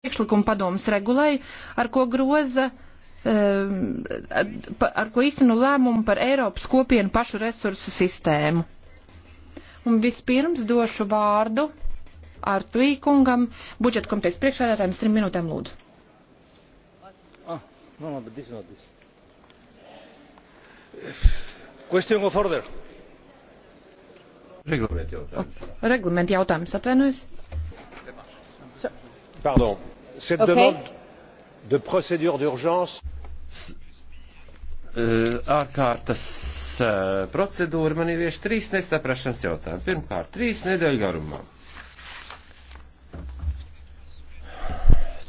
priekšlikumu padomus regulēja, ar ko groza, ehm, ar ko izsinu lēmumu par Eiropas kopienu pašu resursu sistēmu. Un vispirms došu vārdu Artuī kungam, budžeta komitejas priekšādātājiem, trim minūtēm lūdzu. Ah, no, no, but this is not this. Question of order. Reglamenta jautājums. Oh, Reglamenta jautājums, atvainojos. So cette demande de procédure d'urgence ārkārtas eh, eh, procedūra man ievieš trīs nesaprašanas jautājumus. Pirmkārt, trīs nedēļu garumā.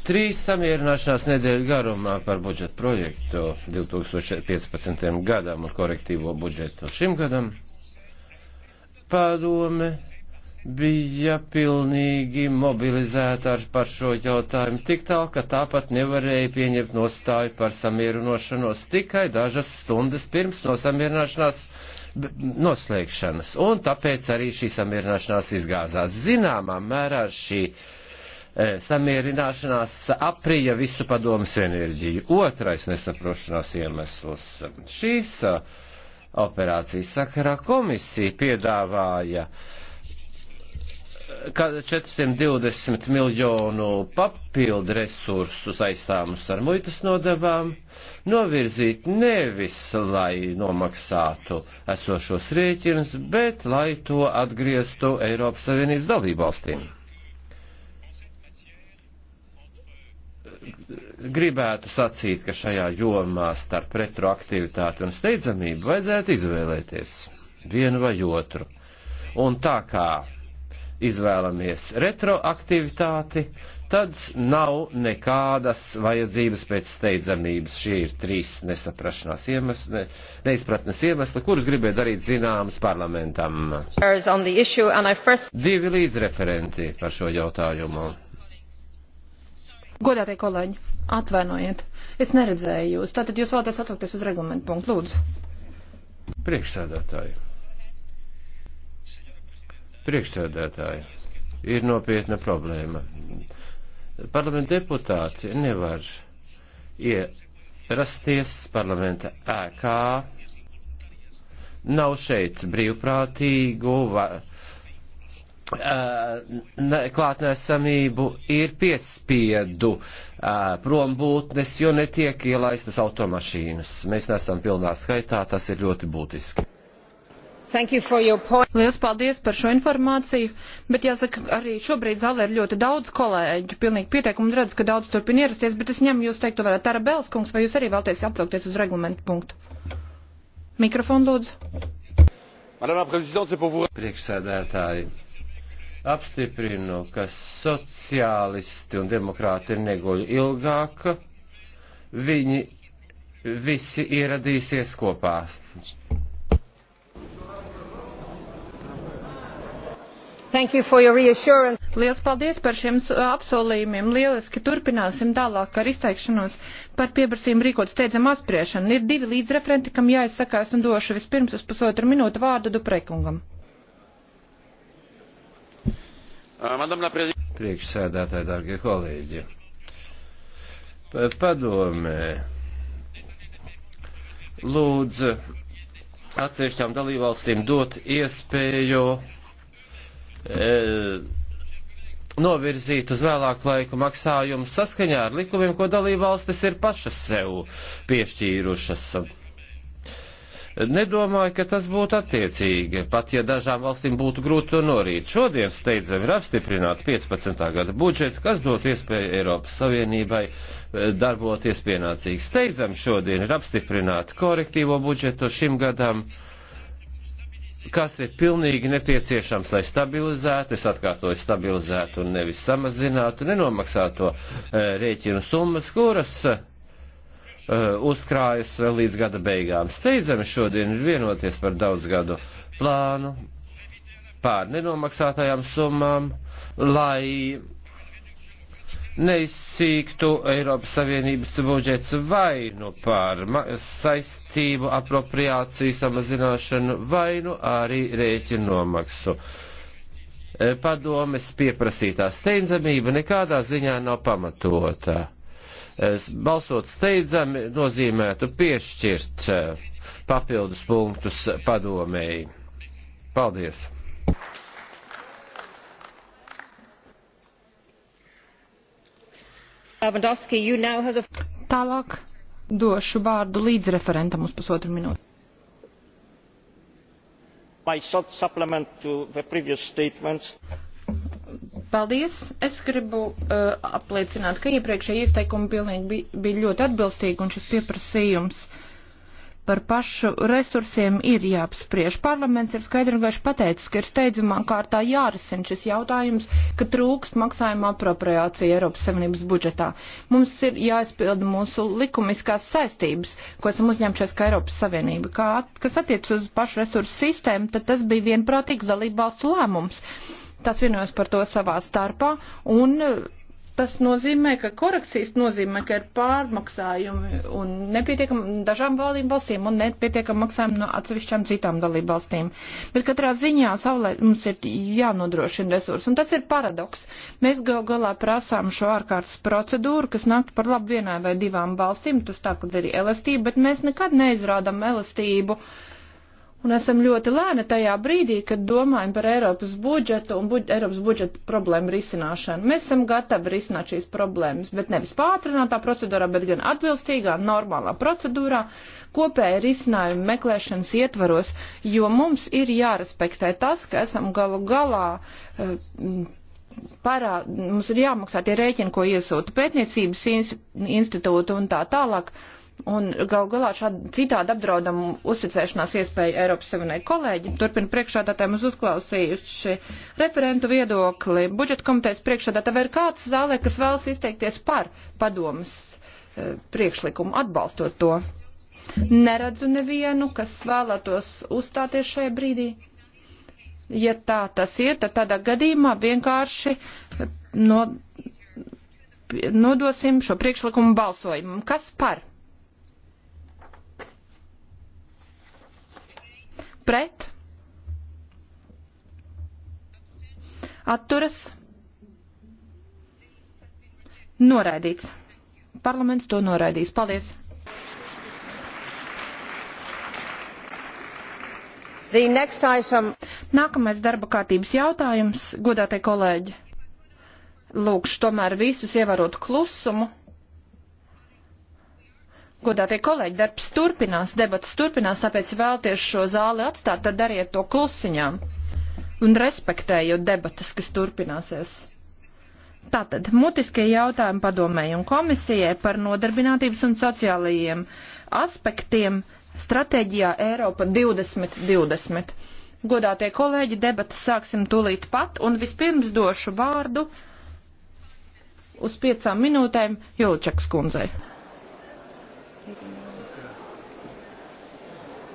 Trīs samierināšanās nedēļu garumā par budžetu projektu 2015. gadam un korektīvo budžetu šim gadam. Pārdome bija pilnīgi mobilizēta ar par šo jautājumu tik tālu, ka tāpat nevarēja pieņemt nostāju par samierinošanos tikai dažas stundas pirms no samierināšanās noslēgšanas. Un tāpēc arī šī samierināšanās izgāzās. Zināmā mērā šī e, samierināšanās aprija visu padomas enerģiju. Otrais nesaprošanās iemesls. Šīs e, operācijas sakarā komisija piedāvāja uh, 420 miljonu papildu resursus aizstāmus ar muitas nodevām novirzīt nevis, lai nomaksātu esošos rēķinus, bet lai to atgrieztu Eiropas Savienības dalībvalstīm. Gribētu sacīt, ka šajā jomā starp retroaktivitāti un steidzamību vajadzētu izvēlēties vienu vai otru. Un tā kā izvēlamies retroaktivitāti, tad nav nekādas vajadzības pēc steidzamības. Šie ir trīs nesaprašanās iemesli, ne, neizpratnes iemesli, kurus gribēja darīt zināmas parlamentam. First... Divi līdzreferenti par šo jautājumu. Godātie kolēģi, atvainojiet, es neredzēju jūs. Tātad jūs vēlaties atsaukties uz reglamentu punktu, lūdzu. Priekšsēdētāji. Priekšsēdētāji, ir nopietna problēma. Parlamenta deputāti nevar ierasties parlamenta ēkā, nav šeit brīvprātīgu. Va, klātnēsamību ir piespiedu prombūtnes, jo netiek ielaistas automašīnas. Mēs nesam pilnā skaitā, tas ir ļoti būtiski. You Lielas paldies par šo informāciju, bet jāsaka, arī šobrīd zālē ir ļoti daudz kolēģu, pilnīgi pieteikumu redzu, ka daudz turpin ierasties, bet es ņemu jūs teiktu, varētu Tara Belskungs, vai jūs arī vēlties atsaukties uz reglamentu punktu? Mikrofonu lūdzu. Priekšsēdētāji, apstiprinu, ka sociālisti un demokrāti ir neguļu ilgāk. Viņi visi ieradīsies kopā. Liels paldies par šiem apsolījumiem. Lieliski turpināsim tālāk ar izteikšanos par pieprasījumu rīkot steidzam apspriešanu. Ir divi līdzreferenti, kam jāizsakās un došu vispirms uz pusotru minūtu vārdu Duprekungam. Uh, Priekšsēdētāji, dārgie kolēģi. Padomē. Lūdzu, atsevišķām dalībvalstīm dot iespēju E, novirzīt uz vēlāku laiku maksājumu saskaņā ar likumiem, ko dalībvalstis ir pašas sev piešķīrušas. Nedomāju, ka tas būtu attiecīgi, pat ja dažām valstīm būtu grūti to norīt. Šodien steidzami ir apstiprināta 15. gada budžeta, kas dot iespēju Eiropas Savienībai e, darboties pienācīgi. Steidzami šodien ir apstiprināta korektīvo budžetu šim gadam. Uh, kas ir pilnīgi nepieciešams, lai stabilizētu, es atkārtoju, stabilizētu un nevis samazinātu, nenomaksāto eh, rēķinu summas, kuras eh, uzkrājas vēl līdz gada beigām. Steidzami šodien ir vienoties par daudzgadu plānu pār nenomaksātajām summām, lai neizsīktu Eiropas Savienības budžets vainu par saistību apropriāciju samazināšanu, vainu arī rēķinu nomaksu. E, padomes pieprasītā steidzamība nekādā ziņā nav pamatota. E, balsot steidzami nozīmētu piešķirt e, papildus punktus padomēji. Paldies! Tālāk došu vārdu līdz referentam uz pusotru minūti. Paldies! Es gribu uh, apliecināt, ka iepriekšējie izteikumi pilnīgi bija, bija ļoti atbilstīgi un šis pieprasījums uh, par pašu resursiem ir jāapspriež. Parlaments ir skaidri un gaiši pateicis, ka ir steidzamā kārtā jārisina šis jautājums, ka trūkst maksājuma apropriācija Eiropas Savienības budžetā. Mums ir jāizpilda mūsu likumiskās saistības, ko esam uzņemšies kā Eiropas Savienība. Kā, kas attiec uz pašu resursu sistēmu, tad tas bija vienprātīgs dalībvalstu lēmums. Tas vienojās par to savā starpā un Tas nozīmē, ka korekcijas nozīmē, ka ir pārmaksājumi un nepietiekam dažām valdību valstīm un nepietiekam maksājumi no atsevišķām citām dalību valstīm. Bet katrā ziņā savulē mums ir jānodrošina resursi. Un tas ir paradoks. Mēs gal galā prasām šo ārkārtas procedūru, kas nāk par labu vienai vai divām valstīm, tas tā, kad ir elastība, bet mēs nekad neizrādam elastību. Uh, Un esam ļoti lēni tajā brīdī, kad domājam par Eiropas budžetu un buģ Eiropas budžetu problēmu risināšanu. Mēs esam gatavi risināt šīs problēmas, bet nevis pātrinātā procedūrā, bet gan atbilstīgā, normālā procedūrā, kopēja risinājuma meklēšanas ietvaros, jo mums ir jārespektē tas, ka esam galu galā. Uh, parā, mums ir jāmaksā tie rēķini, ko iesūta pētniecības institūta un tā tālāk. Uh, Un gal galā šādi citādi apdraudam uzticēšanās iespēju Eiropas Savienai kolēģi. Turpin priekšādātājiem uz uzklausījuši referentu viedokli. Budžeta komitejas priekšādātā vai ir kāds zālē, kas vēlas izteikties par padomas eh, priekšlikumu atbalstot to? Neredzu nevienu, kas vēlētos uzstāties šajā brīdī. Ja tā tas ir, tad tādā gadījumā vienkārši eh, no, nodosim šo priekšlikumu balsojumam. Kas par? pret, atturas, noraidīts. Parlaments to noraidīs. Paldies! Nākamais darba kārtības jautājums, godātie kolēģi. Lūkšu tomēr visus ievērot klusumu. Godātie kolēģi, darbs turpinās, debats turpinās, tāpēc vēlties šo zāli atstāt, tad dariet to klusiņām un respektējot debatas, kas turpināsies. Tātad, mutiskie jautājumi padomēju un komisijai par nodarbinātības un sociālajiem aspektiem stratēģijā Eiropa 2020. Godātie kolēģi, debatas sāksim tūlīt pat un vispirms došu vārdu uz piecām minūtēm Jūlčakas kundzei.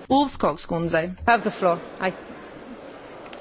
Ulfskogs kundzei. Have the floor. I...